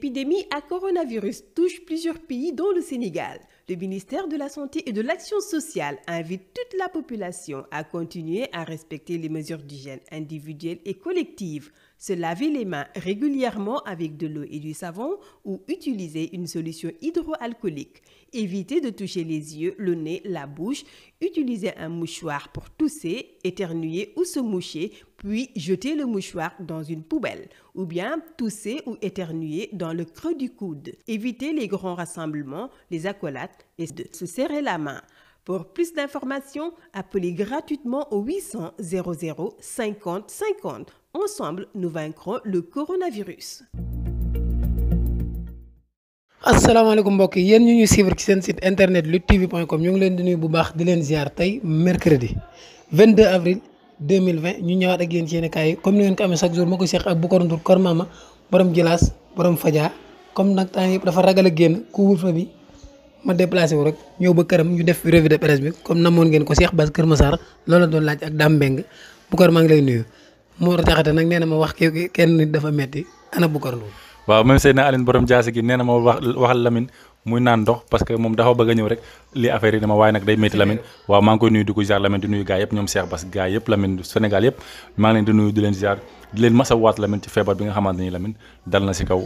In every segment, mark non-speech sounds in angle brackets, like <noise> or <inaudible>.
L'épidémie à coronavirus touche plusieurs pays dont le Sénégal. Le ministère de la Santé et de l'Action sociale invite toute la population à continuer à respecter les mesures d'hygiène individuelles et collectives se laver les mains régulièrement avec de l'eau et du savon ou utiliser une solution hydroalcoolique, éviter de toucher les yeux, le nez, la bouche, utiliser un mouchoir pour tousser, éternuer ou se moucher, puis jeter le mouchoir dans une poubelle, ou bien tousser ou éternuer dans le creux du coude, éviter les grands rassemblements, les accolades et de se serrer la main. Pour plus d'informations, appelez gratuitement au 800 00 Ensemble, nous vaincrons le coronavirus. asalaamaaleykum mbokk yi yéen ñu ñuy suivre ci seen site internet luttetv.com ñu ngi leen di nuyu bu baax di leen ziar tey mercredi 22 avril 2020 ñu ñëwaat ak yéen ci yéen kaay comme ni ngeen ko amee chaque jour ma ko seex ak Boucar Ndour kor maama borom jilaas borom faja comme nag temps yëpp dafa ragal a génn couvre-feu bi ma déplacé wu rek ñëw ba këram ñu def revue de presse bi comme namoon ngeen ko seex Bass Kër Massar loola doon laaj ak Dame Mbengue Boucar ngi lay nuyu. Mor Jaxate nag nee na ma wax ki kenn nit dafa metti ana Bukar Nduur waaw même Seydina Aline borom jaasi gi nee na ma wax waxal Lamine muy naan ndox parce que moom dafa bëgg a ñëw rek lii affaire yi dama waaye nag day métti Lamine waaw maa ngi koy nuyu di ko ziar Lamine di nuyu gaa yëpp ñoom Cheikh Bass gaa yëpp Lamine Sénégal yëpp maa ngi leen di nuyu di leen ziar di leen masa waat ci feebar bi nga xamante ni Lamine dal na si kaw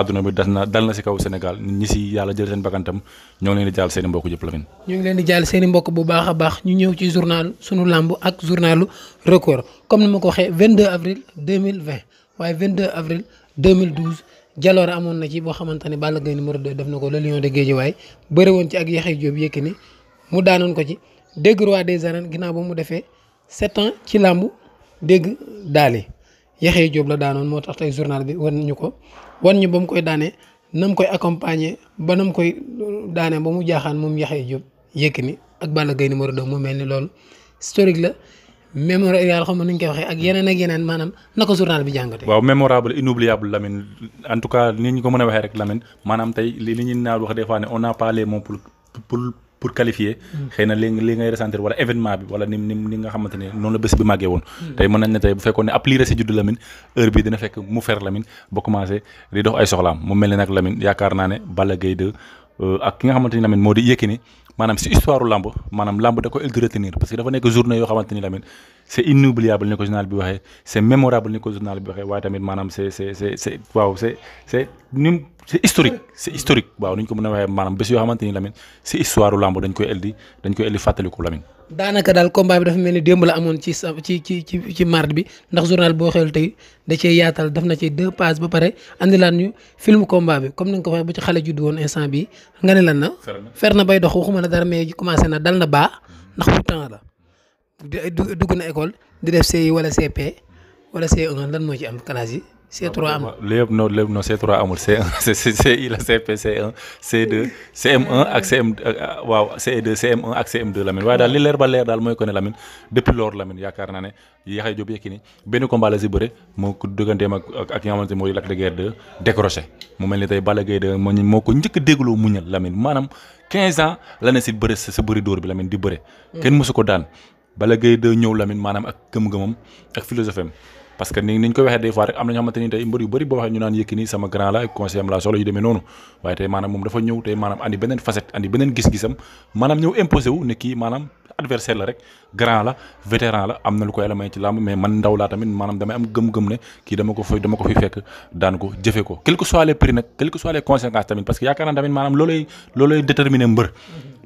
àdduna bi das na dal na si kaw Sénégal ñi si yàlla jël seen bakkantam ñoo ngi leen di jaal seen i mbokk jëpp Lamine di jaal seen i mbokk bu baax a baax ñu ñëw ci journal sunu làmb ak journalu record comme ni ma ko waxee 22 avril 2020 waaye 22 avril 2012 jaloore amoon na ci boo xamante ne Balla Gaye numéro 2 def na ko le lion de Guédiawaye bëri woon ci ak Yaxya Jóob Yékini mu daanoon ko ci dégg roi des arènes ginnaaw ba mu defee sept ans ci làmb dégg daali Yaxya Jóob la daanoon moo tax tey journal bi wan ñu ko wan ñu ba mu koy daane na mu koy accompagner ba na mu koy daane ba mu jaaxaan moom Yaxya Jóob Yékini ak Balla Gaye numéro 2 mu mel ni loolu historique la mémorial xam nañu koy waxee ak yeneen ak yeneen maanaam na ko journal bi jàngatee. waaw mémorable inoubliable Lamine en tout cas ni ñu ko mën a waxee rek Lamine maanaam tey li li ñu naan wax des fois ne on n'a pas les pour pour. pour qualifier mm. xëy na li li ngay ressentir wala événement bi wala ni ni nga xamante noonu la bés bi màggee woon mm. tey mën nañ ne tey bu fekkoon ne ab lii resi judd heure bi dina fekk mu fer Lamine ba commencé di dox ay soxlaam mu mel ne nag yaakaar naa ne Balla Gaye 2 euh, ak ki nga xamante ni moo di Yékini maanaam si histoire lamb maanaam lamb da ko il parce que dafa nekk journée yoo xamante ni Lamine c' ni ko journal c' est historique c' historique waaw ni ñu ko mën a waxee maanaam bés yoo xamante ni Lamine si histoire lamb dañ koy eldi dañ koy eldi fàttaliku Lamine. daanaka daal combat bi dafa ni démb amoon ci sa ci ci ci ci mardi ndax journal boo xewal tey da yaatal def na ci deux pages ba pare andilaan ñu film combat bi comme ni nga ko waxee bu ci xale judd woon instant nga ne lan na. fer na bay dox waxuma la dara mais commencé na dal na baa ndax temps la dugg na école di def CI wala CP wala C1 lan moo ci am classe yi. C3 ah, amul lépp non lépp non C3 amul C1 <laughs> CI la CP C1 C2 CM1 ak CM euh, euh, waaw CE2 CM1 ak CM2 Lamine waaye daal li leer ba leer daal mooy ko ne Lamine depuis loolu Lamine yaakaar naa ne Yaxya Jóob Yékini benn combat la si bëre moo ko dëgganteem ak ak ñoo moo di Lac de Guiers 2 décroché mu mel ni tey Balla Gaye 2 moo moo ko njëkk a dégloo muñal Lamine maanaam 15 ans la ne si bëre sa bëri dóor bi lamin di bëre. kenn mësu ko daan Balla Gaye ñëw Lamine maanaam ak gëm-gëmam ak philosophie am parce que ni niñ koy waxee des rek am na ñoo xamante ni tey mbër yu bëri boo waxee ñu naan Yékini sama grand la conseil am la solo yu demee noonu waaye tey maanaam moom dafa ñëw tey maanaam adversaire la rek grand la vétéran la am na lu ko yàlla ci làmb mais man ndaw laa tamit maanaam damay am gëm-gëm ne kii dama ko fi fekk daan ko jëfe ko quel soit les prix nag quel que soit les conséquences tamit parce que yaakaar naa tamit maanaam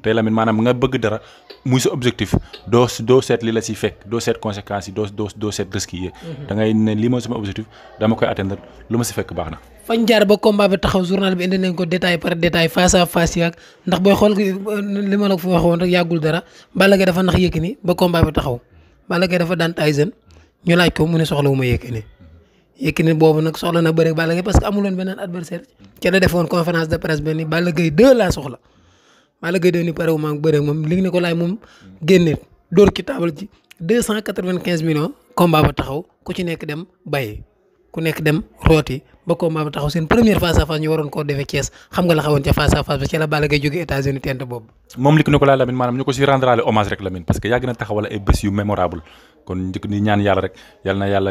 tey lamit maanaam nga bëgg dara muy sa objectif doo doo seet li la si fekk doo seet conséquences yi doo doo doo seet risques yi mhm. da ne lii mooy sama objectif dama koy atteindre lu ma si fekk baax na fañ jaar ba combat bi taxaw journal bi indi ko détail par détail face à face ndax booy xool li ma la ko rek yàggul dara Balla Gaye dafa nax Yékini ba combat bi taxaw Balla Gaye dafa daan Tyson ñu laaj ko mu ne soxla wu ma Yékini Yékini Balla Gaye 2 ni pare wu ma moom li ko laay moom génne dóor ci taabal ji ba taxaw ku ci nekk dem bàyyi ku nekk dem rooti ba combat ba taxaw seen première face à face ñu waroon koo defee Thiès xam nga la xawoon ca face à face ba ci la Balla Gaye États-Unis tent boobu. moom li ko laay Lamine maanaam ñu ko si rendraale hommage rek Lamine parce que yàgg na taxawal ay bés yu mémorable kon njëkk ni ñaan yàlla rek yàlla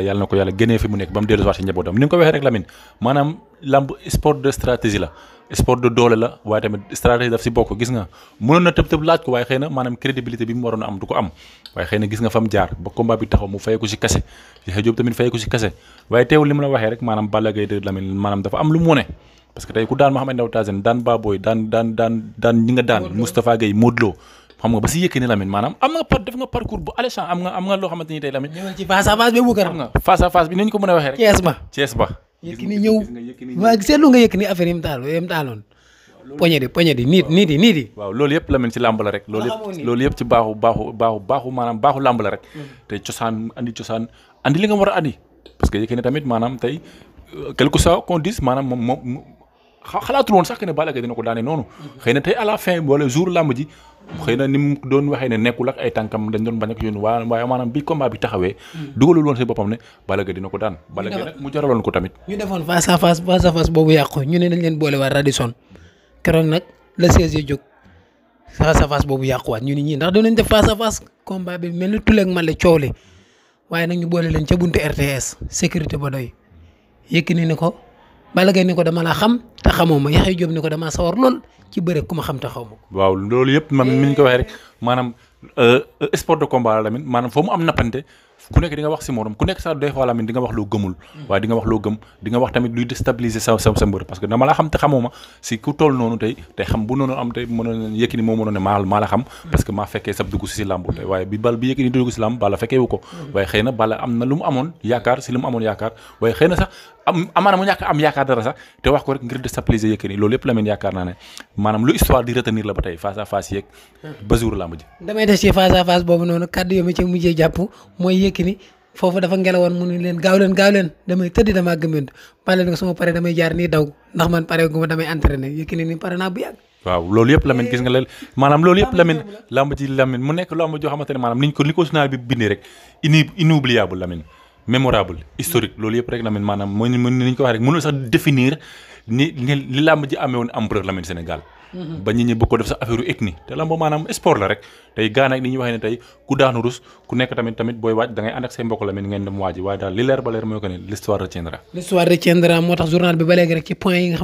la. sport de doole la waaye tamit stratégie daf si bokk gis nga mënoon na tëb tëb laaj ko waaye xëy maanaam crédibilité bi mu waroon a am du ko am waaye xëy gis nga fa jaar ba combat bi taxaw mu fay ko si kase maanaam daan Mouhamed daan daan daan daan daan ñi nga daan xam nga ba si yëkkee ni Lamine maanaam am nga par def nga parcours bu alléchant am nga am nga loo xamante tey Lamine face à face bi bu kër nga face à bi ni ñu ko mën a waxee rek Yékini ñëw waaw seetlu nga Yékini affaire yi mu taal yi mu taaloon. poñe di poñe di niit niit yi niit la mel ci làmb la rek. loolu yëpp loolu yëpp ci baaxu baaxu baaxu baaxu maanaam baaxu làmb la rek. Mm. te cosaan andi cosaan andi li nga war a andi. parce que Yékini tamit maanaam tey euh, quelque soit qu'on dise maanaam moom moom xalaatul woon sax que ne Balla Gaye dina ko daane noonu. Mm. xëy na tey à la fin wala jour làmb xëy na ni mu doon waxee ne nekkul ak ay tànkam dañ doon bañ ak yoon waaye waaye maanaam bi combat bi taxawee hmm. dugalul woon si boppam ne Balla Gaye dina ko daan Balla Gaye nag mu jaraloon ko tamit ñu defoon face à face face à face boobu yàqu ñu ne dañ leen boole waat Radisson keroog nag la siège jóg face à face boobu yàquwaat ñu ni ñii ndax doonañ def face à face combat bi mel ni Tulle ak Male coow li waaye nag ñu boole leen ca buntu RTS sécurité ba doy Yékini ne ko Balla Gaye ni ko dama laa xam te xamoo ma Yaxya Jóob ni ko damaa sawar lool ci bëre ku ma xam te xaw ma ko waaw loolu yëpp man mi ñu ko waxee rek eh. euh, euh, am si ku nekk sax des hmm. xam te xamoo ma si xam bu noonu am tey mënoon na Yékini moo mënoon ne maa maa la xam hmm. parce que maa fekkee sab dugg si si làmb tey waaye bi bal bi Yékini dugg si làmb Balla fekkee ko hmm. waaye xëy na am na lu mu amoon yaakaar si lu amoon yaakaar waaye xëy sax am amaana mu ñàkk am yaakaar dara sax te wax ko rek ngir déstabiliser Yékini loolu yëpp la mel yaakaar naa ne maanaam lu histoire di retenir la ba tey face à face yeeg bajour lamb damay des ci face à boobu noonu kàddu yoo mu ne leen gaaw leen damay tëdd damaa gëmmentu ma leen ko suma pare damay jaar nii daw ndax man pare gu damay entraîné Yékini ni pare naa bu yàgg waaw loolu yëpp Lamine gis nga la maanaam loolu yëpp Lamine lamb ji mémorable historique loolu yëpp rek Lamine maanaam mooy ni ñu ko wax rek mënul sax définir ni li làmb ji amee woon ampleur Lamine Sénégal. Mhm. ba nit ñi bëgg ko def sax affaire ethnie te lamb maanaam sport la rek tey gaa ni ñuy waxee ne tey ku daanu rus ku nekk tamit tamit booy waaj da ngay ànd ak say mbokk Lamine ngeen dem waaji waaye daal li leer ba leer mooy que ne l'histoire retiendra. l'histoire retiendra moo tax journal bi ba léegi rek ci point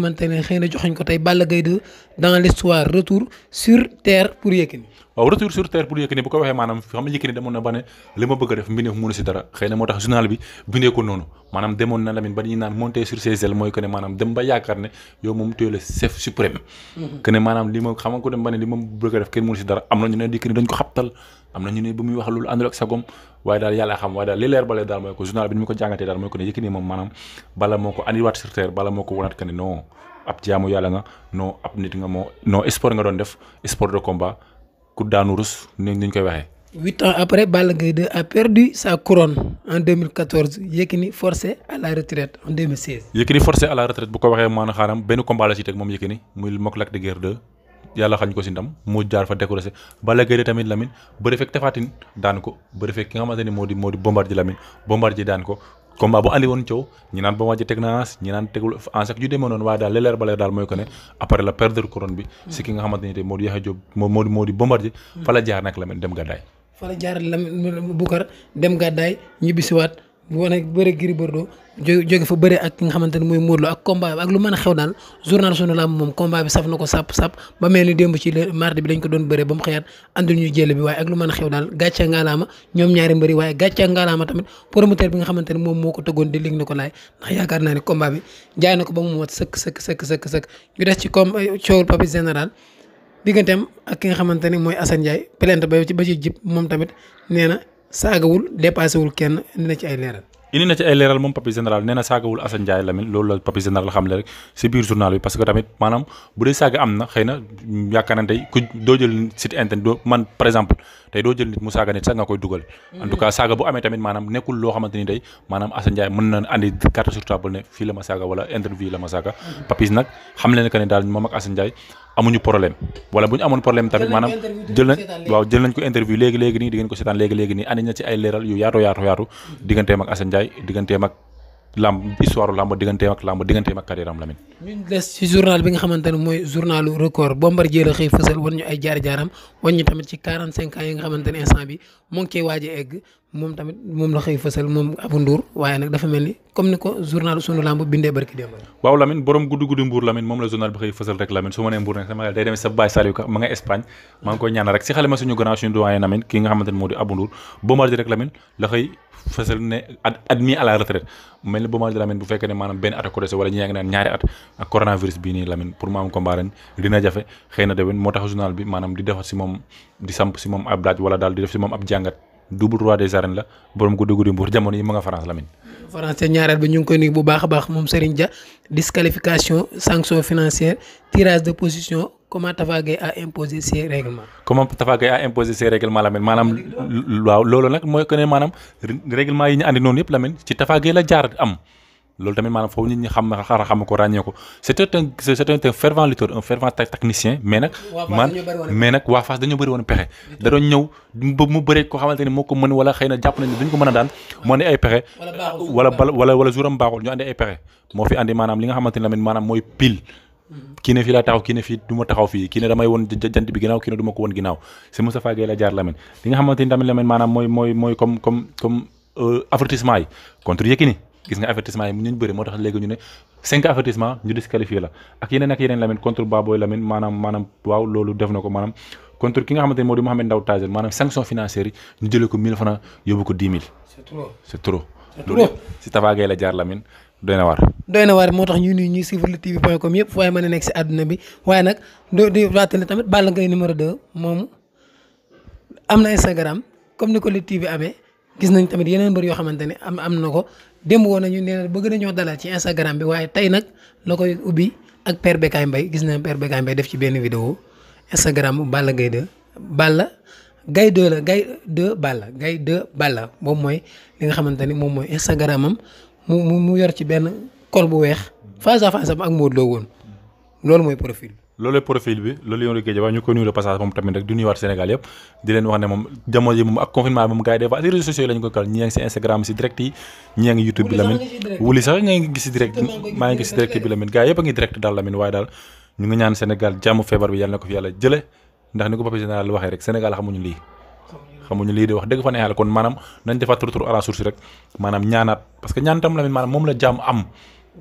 waaw retour sur terre pour Yékini bu ko waxee maanaam xam nga Yékini demoon na ba ne li ma bëgg a def mbindeef mm-hmm. a def kenn mu ko sport nga doon def sport de combat ku daanu rus ni ñu koy waxee. huit ans après Balla Gaye 2 a perdu sa couronne en 2014 Yékini forcé à la retraite en 2016. Yékini forcé à la retraite bu ko waxee maanaam xaaram benn combat la teg moom Yékini muy mook Lac de yàlla xañ ko si ndam mu jaar fa découragé Balla Gaye 2 tamit Lamine bëri fekk Tapha daan ko bëri fekk ki nga xamante ni moo di moo di Bombardier Lamine Bombardier daan ko combat bu andi woon coow ñi naan ba wàcc teg na ans ñi naan tegul ans ak yu demee noonu waaye daal li leer daal mooy ko ne après la perdre couronne bi mm. si ki nga xamante ni tey moo di Yaxya Jóob moo moo moo di mm. fa la jaar nag Lamine dem gàddaay fa la jaar Lamine Boucar dem gàddaay ñibbisiwaat wane bëre Gris Bordeaux jóge fa bëre ak ki nga xamante ne mooy Modou Lo ak combat bi ak lu mën a xew daal journal sunu lamb moom combat bi saf na ko sàpp sàpp ba mel ni démb ci le mu xëyaat andul ñu jël bi waaye ak lu a xew daal gàcce ngaalaama ñoom ñaari mbëri waaye gàcce ngaalaama tamit promoteur bi nga xamante ne moom moo ko tëggoon di lig na ko laay ndax yaakaar naa ne combat bi jaay na ko ba mu mat sëkk sëkk sëkk sëkk ñu des ci comme coowul papi général digganteem ak ki nga xamante ne mooy Assane Ndiaye plainte ba ci ba ci jib moom tamit nee na saagawul dépassé kenn indi na ci ay leeral. indi na ci ay leeral moom papi général neena na saagawul Assane Ndiaye Lamine loolu la papi général xam le rek si biir journal bi parce que tamit maanaam bu dee saaga am na xëy na na tey ku doo jël site internet doo man par exemple tey doo jël nit mu saaga nit sax nga koy dugal. en tout cas saaga bu amee tamit loo xamante ni tey maanaam Assane na andi fii la ma saaga wala interview la ma saaga. Mm-hmm. papis nag xam leen que ne daal moom ak Assane Ndiaye amuñu problème wala bu ñu amoon problème tamit maanaam jël nañ waaw jël nañ ko interview léegi léegi nii di ngeen ko seetaan léegi léegi nii andi na ci ay leeral yu yaatu yaatu yaatu digganteem ak Assane Ndiaye digganteem ak lamb histoire lamb digganteem ak lamb digganteem ak carrière am ñu des ci journal bi nga xamante ne mooy journalu record Bombardier la xëy fësal wan ñu ay jaar-jaaram wan ñu tamit ci 45 ans yi nga xamante instant bi mu moom tamit moom la xëy fësal moom Abou Ndour waaye nag dafa mel ni comme ni ko journal sunu lamb bindee barki démb waaw Lamine borom gudd gudd Mbour Lamine moom la journal bi ne moo di Abou Ndour Bombardier rek Lamine la xëy bu fekkee ne maanaam benn a ko dese wala ñi ngi naan ñaari at ak coronavirus bii nii Lamine pour ma am combat ren dina xëy na déwén moo tax journal bi maanaam di def si moom di samp si moom ab laaj wala daal di def si moom ab jàngat double roi des arènes la borom ko dugg di mbuur jamono yi ma nga France Lamine. France te ñaareel bi ñu ngi koy nuyu bu baax a baax moom Serigne Dia disqualification sanction financière tirage de position comment Tafa Gueye a imposé ses règlements. comment Tafa Gueye a imposé ses règlements Lamine maanaam waaw loolu nag mooy que ne maanaam règlement yi ñu andi noonu yëpp Lamine ci Tafa Gueye la jaar am. loolu tamit maanaam foofu nit ñi xam xara xam ko ràññee ko c'était un c'était un fervent lutteur un fervent technicien mais waa Fass dañoo bëri woon pexe da doon ñëw mu bëri ko xamante ni moo ko mën wala xëy na jàpp nañ ne duñ ko mën a daan mu andi ay pexe wala wala wala juram baaxul ñu andi ay pexe moo fi andi maanaam li nga xamante ni maanaam mooy pile mm-hmm. kii ne fii laa taxaw kii ne fii taxaw fii kii damay woon jant bi ginnaaw kii ko woon ginnaaw si Moustapha Gueye la jaar Lamine ni gis nga avertissement yi ñu bëri moo tax léegi ñu ne cinq avertissement ñu disqualifié la ak yeneen ak yeneen Lamine contre Baboy Lamine maanaam maanaam waaw loolu def na ko maanaam a nekk si àdduna bi waaye nag doo di waatale tamit Balla na Instagram comme ni ko Lutte TV amee gis nañ tamit yeneen mbër yoo xamante ne am am na ko démb woon nañu nee na bëgg nañoo dalal ci Instagram bi waaye tey nag la koy ubbi ak Père mbay gis na Père mbay def ci benn vidéo Instagram Balla Gaye 2 Balla Gaye 2 la Gaye 2 Balla Gaye Balla moom mooy li nga xamante ni moom mooy Instagram mu mu mu yor ci benn kol bu weex face à face am ak Modou Lo woon loolu mooy profil. loolu profil bi loolu yoonu géej waaye ñu ko nuyu de passage moom tamit rek di nuyuwaat Sénégal yëpp di leen wax ne moom jamono ji moom ak yi maa ngi gis si direct bi Lamine gars a ngi direct daal Lamine waaye daal ñu ngi ñaan Sénégal jàmm feebar bi yàlla na ko lii wax dëgg fa ne kon maanaam nañ defaat retour à la source rek maanaam que ñaan tam Lamine maanaam moom la jàmm am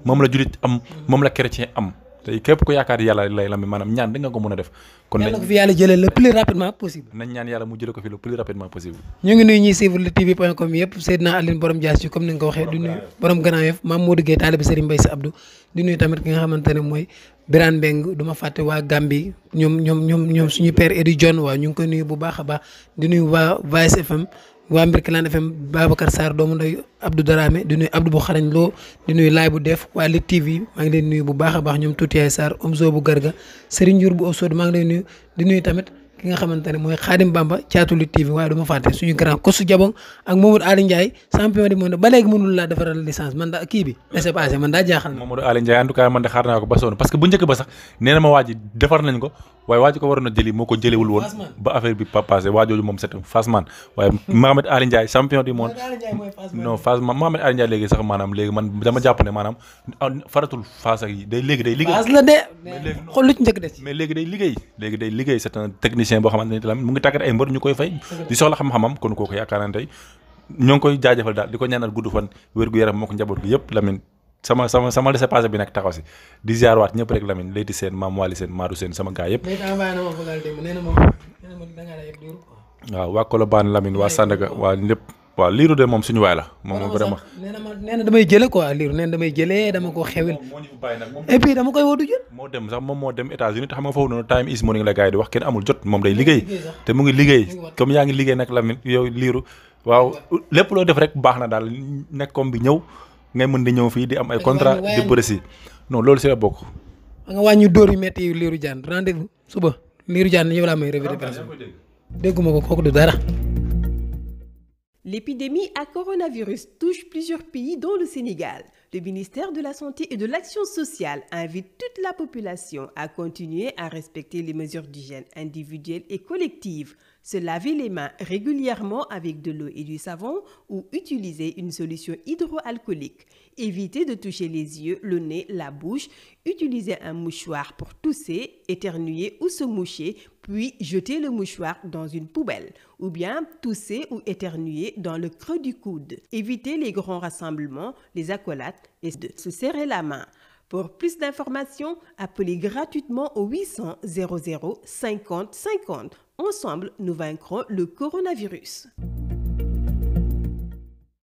moom la julit am moom la chrétien am tey képp ku yaakaar yàlla lay la mi maanaam ñaan di nga ko mën a def kon nañ ko fi yàlla jëlee le plus rapidement possible nañ ñaan yàlla mu jële ko fi le plus rapidement possible ñu ngi nuyu ñuy suivre tv point com yëpp Seydina Aline borom Dias ci comme ni nga ko waxee du nuyu borom Grand Yoff Mame Modou Gueye taalibe Serigne Mbaye Sy Abdou di nuyu tamit ki nga xamante mooy Birane Mbeng du fàtte waa Gambie ñoom ñoom ñoom ñoom suñu père Edi John waaw ñu ngi koy nuyu bu a waa Mbirkilaan FM Babacar Sarr doomu ndeyu Abdou Darame di nuyu Abdou bu xarañ loo di nuyu laay bu def waa Lit TV maa ngi leen nuyu bu baax baax ñoom tuuti yaay maa ngi lay nuyu di tamit ki nga xamante ne mooy Xaadim Bamba caatu Lit TV waaye du ma fàtte suñu grand kosu jabong ak Mamadou Ali Ndiaye champion du monde ba léegi mënul laa defaral licence man daa kii bi laissez passer man daa jaaxal na Mamadou Ali Ndiaye en tout man de xaar naa ko ba sonn parce que bu njëkk ba sax nee ma waa ji ko waaye waa ko waroon a jëli moo ko jëlewul woon ba affaire bi pas passé waa jooju moom c'est un Fassman waaye Mohamed Ali Ndiaye champion du monde non Fassman Mohamed Ali Ndiaye léegi sax maanaam léegi man dama jàpp ne maanaam ah, faratul Fass yi day léegi day liggéey mais léegi day liggéey léegi day liggéey c'est un technicien boo xamante ne tamit mu ngi tàggat ay mbër ñu koy fay di soxla xam-xamam kon kooku yaakaar naa tey ñoo koy jaajëfal daal di ko ñaanal gudd fan wér gu yaram moo ko njaboot gi yëpp Lamine sama sama sama laissez passer bi nag taxaw si di ziar waat ñëpp rek Lamine Leyti Sène Mame Waly Sène Madou Sène sama gars yëpp. léegi envoyé na ma bëggal démb nee na ma nee na ma da ngaa lay yëg Lirou. waaw waa Colobane Lamine waa Sandaga waaw Lirou de moom suñu waay la moom vraiment. nee na ma nee na damay jëlee quoi jëlee dama ko xewil. moo ñu bàyyi nag moom dama koy moo dem sax moom moo dem États-Unis te xam nga foofu noonu time is morning la gars yi di wax kenn amul jot moom day liggéey. te mu ngi liggéey comme yaa ngi liggéey nag Lamine yow Lirou waaw lépp loo def rek baax na daal nekkoom bi ñëw ngay mën di ñëw fii di am ay contrat di précis non loolu si a bokk. nga wàññi dóor yu métti yu liiru jaan rendez-vous suba liiru jaan yow laa may revue de presse dégguma ko kooku du dara. L'épidémie à coronavirus touche plusieurs pays dont le Sénégal. Le ministère de la Santé et de l'Action sociale invite toute la population à continuer à respecter les mesures d'hygiène individuelles et collectives, se laver les mains régulièrement avec de l'eau et du savon ou utiliser une solution hydroalcoolique. éviter de toucher les yeux, le nez, la bouche, utiliser un mouchoir pour tousser, éternuer ou se moucher, puis jeter le mouchoir dans une poubelle, ou bien tousser ou éternuer dans le creux du coude. Éviter les grands rassemblements, les accolades et de se serrer la main. Pour plus d'informations, appelez gratuitement au 800 00 50 50. Ensemble, nous vaincrons le coronavirus.